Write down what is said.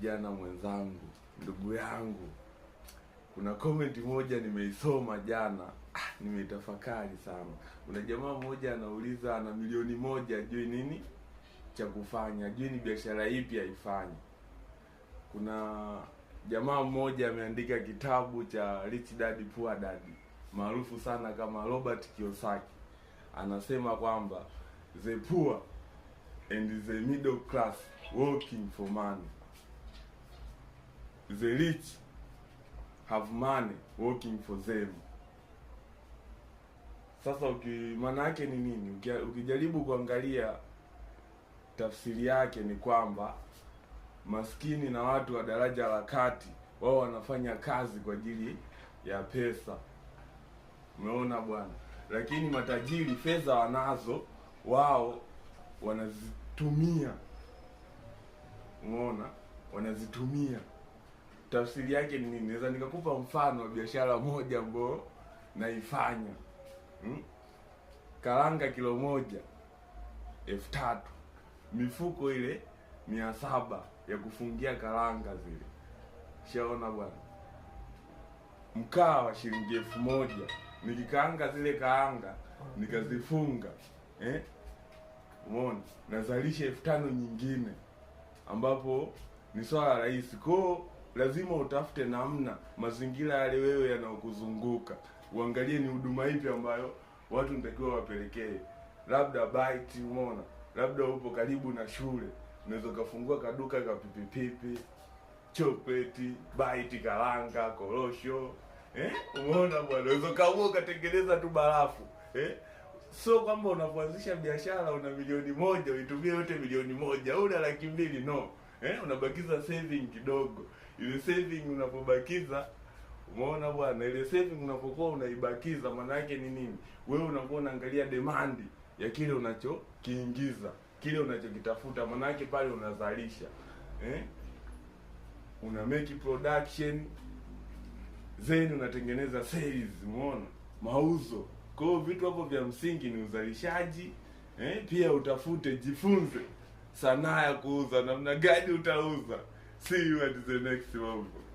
kijana mwenzangu, ndugu yangu, kuna comment moja nimeisoma jana, ah, nimetafakari sana. Kuna jamaa mmoja anauliza ana milioni moja ajui nini cha kufanya, ajui ni biashara ipi aifanye. Kuna jamaa mmoja ameandika kitabu cha Rich Dad Poor Dad maarufu sana kama Robert Kiyosaki, anasema kwamba the poor and the middle class working for money the rich have money working for them. Sasa uki- maana yake ni nini? Ukijaribu kuangalia tafsiri yake ni kwamba maskini na watu wa daraja la kati wao wanafanya kazi kwa ajili ya pesa. Umeona bwana? Lakini matajiri fedha wanazo, wao wanazitumia. Umeona? Wanazitumia tafsiri yake ni nini? Naweza nikakupa mfano wa biashara moja ambayo naifanya hmm? Karanga kilo moja elfu tatu mifuko ile mia saba ya kufungia karanga zile, shaona bwana. Mkaa wa shilingi elfu moja nikikaanga zile kaanga nikazifunga eh? Umeona, nazalisha elfu tano nyingine ambapo ni swala rahisi kwao lazima utafute namna mazingira yale wewe yanaokuzunguka uangalie ni huduma ipi ambayo watu nitakiwa wapelekee, labda baiti umeona, labda upo karibu na shule, unaweza ukafungua kaduka ka pipipipi, chopeti baiti karanga, korosho eh? Umeona bwana, unaweza ukaamua ukatengeneza tu barafu eh? so kwamba unapoanzisha biashara una milioni moja uitumie yote milioni moja, una laki mbili no eh, unabakiza saving kidogo. Ile saving unapobakiza, umeona bwana, ile saving unapokuwa unaibakiza, maana yake ni nini? Wewe unakuwa unaangalia demand ya kile unachokiingiza, kile unachokitafuta, maana yake pale unazalisha eh? una make production then unatengeneza sales, umeona mauzo. Kwa hiyo vitu hapo vya msingi ni uzalishaji eh? Pia utafute, jifunze sanaa ya kuuza, namna gani utauza. See you at the next mambo.